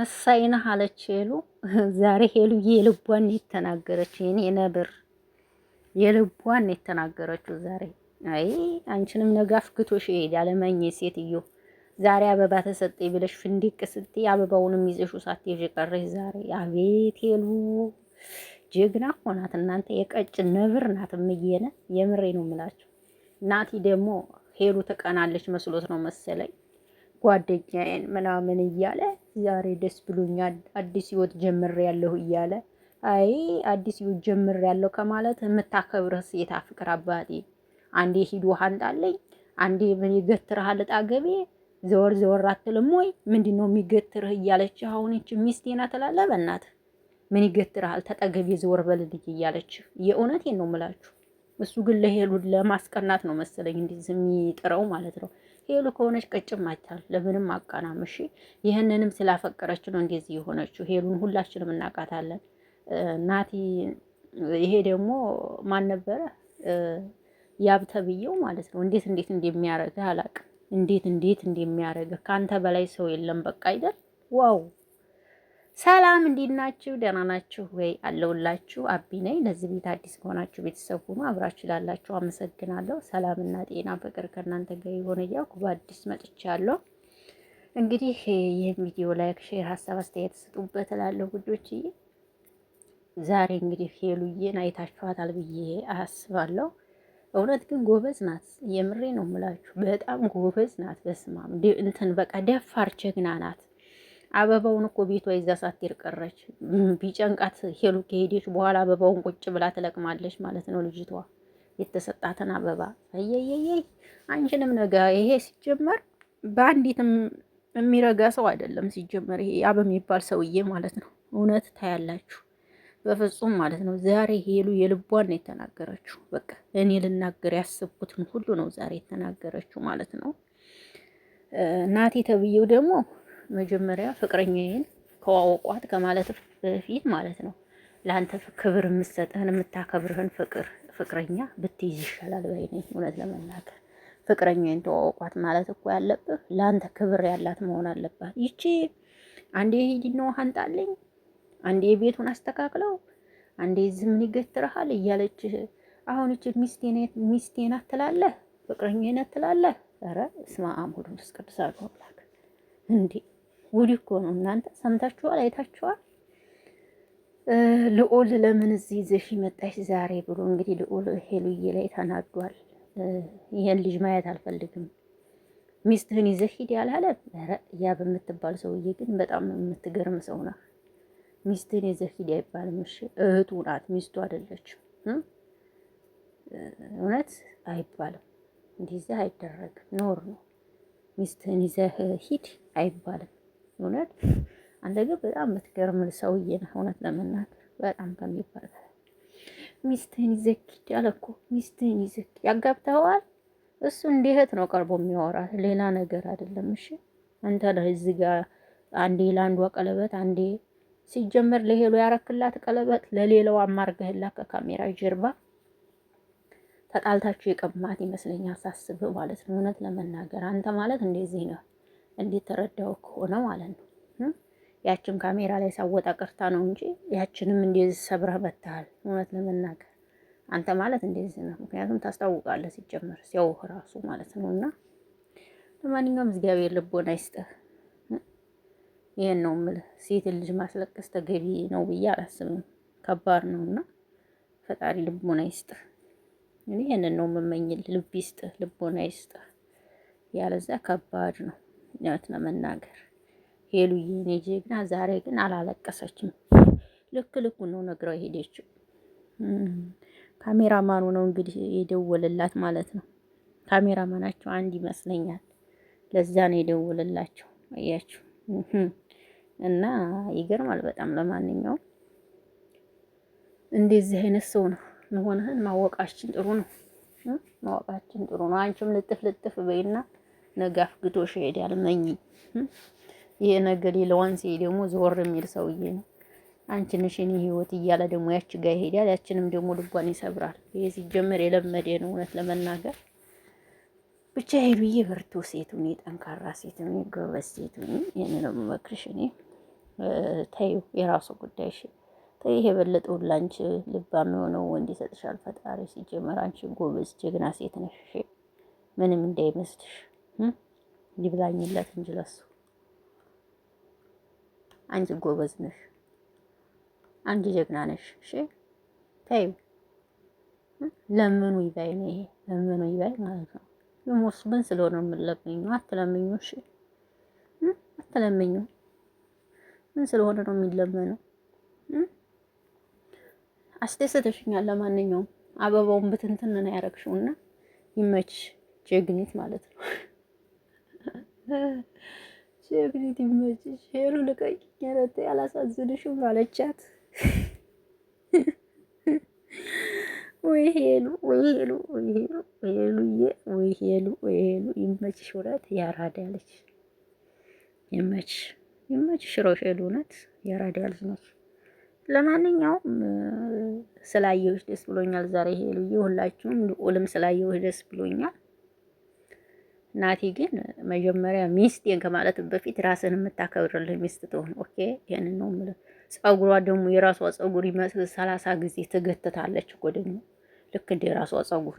መሳይ ነህ አለች ሄሉ። ዛሬ ሄሉ የልቧን የተናገረች የኔ ነብር የልቧን የተናገረችው ዛሬ። አይ አንቺንም ነገ አፍክቶሽ ይሄዳል። መኝ ሴትዮ ዛሬ አበባ ተሰጠኝ ብለሽ ፍንዲቅ ስትይ አበባውንም ይዘሽው ሳትሄጂ ቀረሽ ዛሬ። አቤት ሄሉ ጀግና ሆናት እናንተ የቀጭን ነብር ናት። እምዬን የምሬ ነው የምላቸው። ናቲ ደግሞ ሄሉ ትቀናለች መስሎት ነው መሰለኝ ጓደኛዬን ምናምን እያለ ዛሬ ደስ ብሎኛል፣ አዲስ ህይወት ጀምር ያለሁ እያለ አይ አዲስ ህይወት ጀምር ያለሁ ከማለት የምታከብርህ ሴት አፍቅር አባቴ። አንዴ ሂዶ ውሃ አንጣለኝ፣ አንዴ ምን ይገትርህ አልጣገቤ፣ ዘወር ዘወር አትልም ወይ ምንድነው ነው የሚገትርህ እያለች አሁንች ሚስቴና ትላለህ። በእናትህ ምን ይገትርሃል ተጠገቤ፣ ዘወር በልልኝ እያለች የእውነቴን ነው ምላችሁ። እሱ ግን ለሄሉ ለማስቀናት ነው መሰለኝ እንዲህ የሚጥረው ማለት ነው። ሄሉ ከሆነች ቀጭም አታል ለምንም አቃናም። እሺ ይህንንም ስላፈቀረች ነው እንደዚህ የሆነችው። ሄሉን ሁላችንም እናውቃታለን። ናቲ ይሄ ደግሞ ማን ነበረ ያብ ተብዬው ማለት ነው። እንዴት እንዴት እንደሚያረግህ አላውቅም። እንዴት እንዴት እንደሚያረግህ ከአንተ በላይ ሰው የለም። በቃ አይደል ዋው ሰላም እንዴት ናችሁ? ደህና ናችሁ ወይ? አለውላችሁ አቢ ነኝ። ለዚህ ቤት አዲስ ከሆናችሁ ቤተሰብ ሁኑ። አብራችሁ ላላችሁ አመሰግናለሁ። ሰላምና ጤና ፍቅር ከእናንተ ጋር የሆነ እያልኩ በአዲስ መጥቻለሁ። እንግዲህ ይህን ቪዲዮ ላይክ፣ ሼር፣ ሀሳብ አስተያየት ስጡበት እላለሁ ጉጆችዬ። ዛሬ እንግዲህ ሄሉዬን አይታችኋታል ብዬ አስባለሁ። እውነት ግን ጎበዝ ናት። የምሬ ነው የምላችሁ፣ በጣም ጎበዝ ናት። በስማም እንትን በቃ ደፋር ጀግና ናት። አበባውን እኮ ቤቷ ይዛ ሳትሄድ ቀረች። ቢጨንቃት ሄሉ ከሄደች በኋላ አበባውን ቁጭ ብላ ትለቅማለች ማለት ነው ልጅቷ የተሰጣትን አበባ። አየየየ አንቺንም ነገ ይሄ ሲጀመር በአንዲትም የሚረጋ ሰው አይደለም። ሲጀመር ይሄ ያ በሚባል ሰውዬ ማለት ነው። እውነት ታያላችሁ፣ በፍጹም ማለት ነው። ዛሬ ሄሉ የልቧን ነው የተናገረችው። በቃ እኔ ልናገር ያስብኩትን ሁሉ ነው ዛሬ የተናገረችው ማለት ነው። እናቴ ተብዬው ደግሞ መጀመሪያ ፍቅረኛዬን ከዋወቋት ከማለት በፊት ማለት ነው ለአንተ ክብር የምትሰጥህን የምታከብርህን ፍቅር ፍቅረኛ ብትይዝ ይሻላል ባይ ነኝ። እውነት ለመናገር ፍቅረኛዬን ተዋወቋት ማለት እኮ ያለብህ ለአንተ ክብር ያላት መሆን አለባት። ይቺ አንዴ ሂጂና ውሃ አንጣልኝ፣ አንዴ ቤቱን አስተካክለው፣ አንዴ ዝምን ይገትርሃል እያለች አሁን እች ሚስቴ ናት ትላለህ፣ ፍቅረኛ ናት ትላለህ። ኧረ ስማ አሙዱ ስቅዱስ አሉ እንዴ ጉድ እኮ ነው እናንተ ሰምታችኋል፣ አይታችኋል። ልዑል ለምን እዚህ ይዘሽ መጣሽ ዛሬ ብሎ እንግዲህ ልዑል ሄሉዬ ላይ ተናዷል። ይሄን ልጅ ማየት አልፈልግም፣ ሚስትህን ይዘሽ ሂድ ያላለ ያ በምትባል ሰውዬ ግን በጣም የምትገርም ሰው ነው። ሚስትህን ይዘሽ ሂድ አይባልም። እሺ እህቱ ናት ሚስቱ አይደለችም። እውነት አይባልም፣ እንዲህ አይደረግም፣ ኖር ነው። ሚስትህን ይዘህ ሂድ አይባልም። እውነት አንተ ግን በጣም የምትገርም ሰውዬ ነህ። እውነት ለመናገር በጣም ከሚባል ሚስትህን ይዘክ አለ እኮ ሚስትህን ይዘኪድ ያጋብተዋል። እሱ እንደ እህት ነው ቀርቦ የሚያወራት ሌላ ነገር አይደለም። እሺ አንተ ነህ እዚህ ጋር አንዴ ለአንዷ ቀለበት አንዴ ሲጀመር ለሄሎ ያረክላት ቀለበት ለሌላው አማርገህላት ከካሜራ ጀርባ ተጣልታችሁ የቀማት ይመስለኛል ሳስብ ማለት ነው። እውነት ለመናገር አንተ ማለት እንደዚህ ነው። እንደተረዳው ከሆነ ማለት ነው ያችን ካሜራ ላይ ሳወጣ ቅርታ ነው እንጂ ያችንም እንደዚህ ሰብረህ በታሃል። እውነት ለመናገር አንተ ማለት እንደዚህ ነው። ምክንያቱም ታስታውቃለህ ሲጀመር ሲያውህ ራሱ ማለት ነው። እና ለማንኛውም እግዚአብሔር ልቦና ይስጥህ። ይሄን ነው የምልህ። ሴት ልጅ ማስለቀስ ተገቢ ነው ብዬ አላስብም። ከባድ ነው እና ፈጣሪ ልቦና ይስጥህ። ይሄንን ነው የምመኝልህ። ልብ ይስጥህ፣ ልቦና ይስጥህ። ያለዛ ከባድ ነው። እውነት ለመናገር ሄሉዬ የኔ ጀግና ዛሬ ግን አላለቀሰችም። ልክ ልኩ ነው ነግረው የሄደችው። ካሜራማኑ ነው እንግዲህ የደወለላት ማለት ነው። ካሜራማናቸው አንድ ይመስለኛል። ለዛ ነው የደወለላቸው። አያችሁ እና ይገርማል በጣም ለማንኛውም እንደዚህ አይነት ሰው ነው መሆንህን ማወቃችን ጥሩ ነው። ማወቃችን ጥሩ ነው። አንቺም ልጥፍ ልጥፍ በይና ነገ አፍግቶሽ ይሄዳል። መኝ ይሄ ነገ ሌላዋን ሲሄ ደግሞ ዞር የሚል ሰውዬ ነው። አንቺ ነሽ እኔ ህይወት እያለ ደግሞ ያቺ ጋር ይሄዳል። ያችንም ደግሞ ልቧን ይሰብራል። ይሄ ሲጀመር የለመደ ነው እውነት ለመናገር ብቻ ሄዱዬ፣ በርቱ ሴት ሁኚ፣ ጠንካራ ሴት ሁኚ፣ ጎበዝ ሴት ሁኚ። ይህን ነው የምመክርሽ እኔ። ተይው፣ የራሱ ጉዳይ ጉዳይሽ ተይ። የበለጠውን ላንቺ ልባም የሆነው ወንድ ይሰጥሻል ፈጣሪ። ሲጀመር አንቺ ጎበዝ ጀግና ሴት ነሽ፣ ምንም እንዳይመስልሽ። ይብላኝለት እንጂ ለሱ። አንቺ ጎበዝ ነሽ፣ አንቺ ጀግና ነሽ። እሺ ተይው፣ ለምኑ ይባይ ነው ይሄ ለምኑ ይባይ ማለት ነው። ምን ስለሆነ የምንለምኙ አትለምኙ። እሺ አትለምኙ። ምን ስለሆነ ነው የሚለመነው? አስደሰተሽኛል። ለማንኛውም አበባውን ብትንትን ነው ያደረግሽውና ይመች ጀግኒት ማለት ነው። ሸፍኒት ይመችሽ፣ ሄሉ ልቀቂኝ፣ ኧረ ተይ አላሳዝንሽም አለቻት። ወይ ሄሉ ወይ ሄሉ ወይ ሄሉ ወይ ሄሉዬ ወይ ሄሉ ወይ ሄሉ ይመችሽ፣ እውነት ያራዳ ያለች ይመችሽ፣ ይመችሽ ሮሽ ሄሉ እውነት ያራዳ ያለች ነች። ለማንኛውም ስላየሁሽ ደስ ብሎኛል ዛሬ ሄሉዬ፣ ሁላችሁም ልዑልም ስላየሁሽ ደስ ብሎኛል። ናቲ ግን መጀመሪያ ሚስቴን ከማለት በፊት ራስን የምታከብርልህ ሚስት ትሆን። ኦኬ ይህን ነው የምልህ። ጸጉሯ ደግሞ የራሷ ጸጉር ይመስል ሰላሳ ጊዜ ትገትታለች እኮ ደግሞ ልክ እንደ የራሷ ጸጉር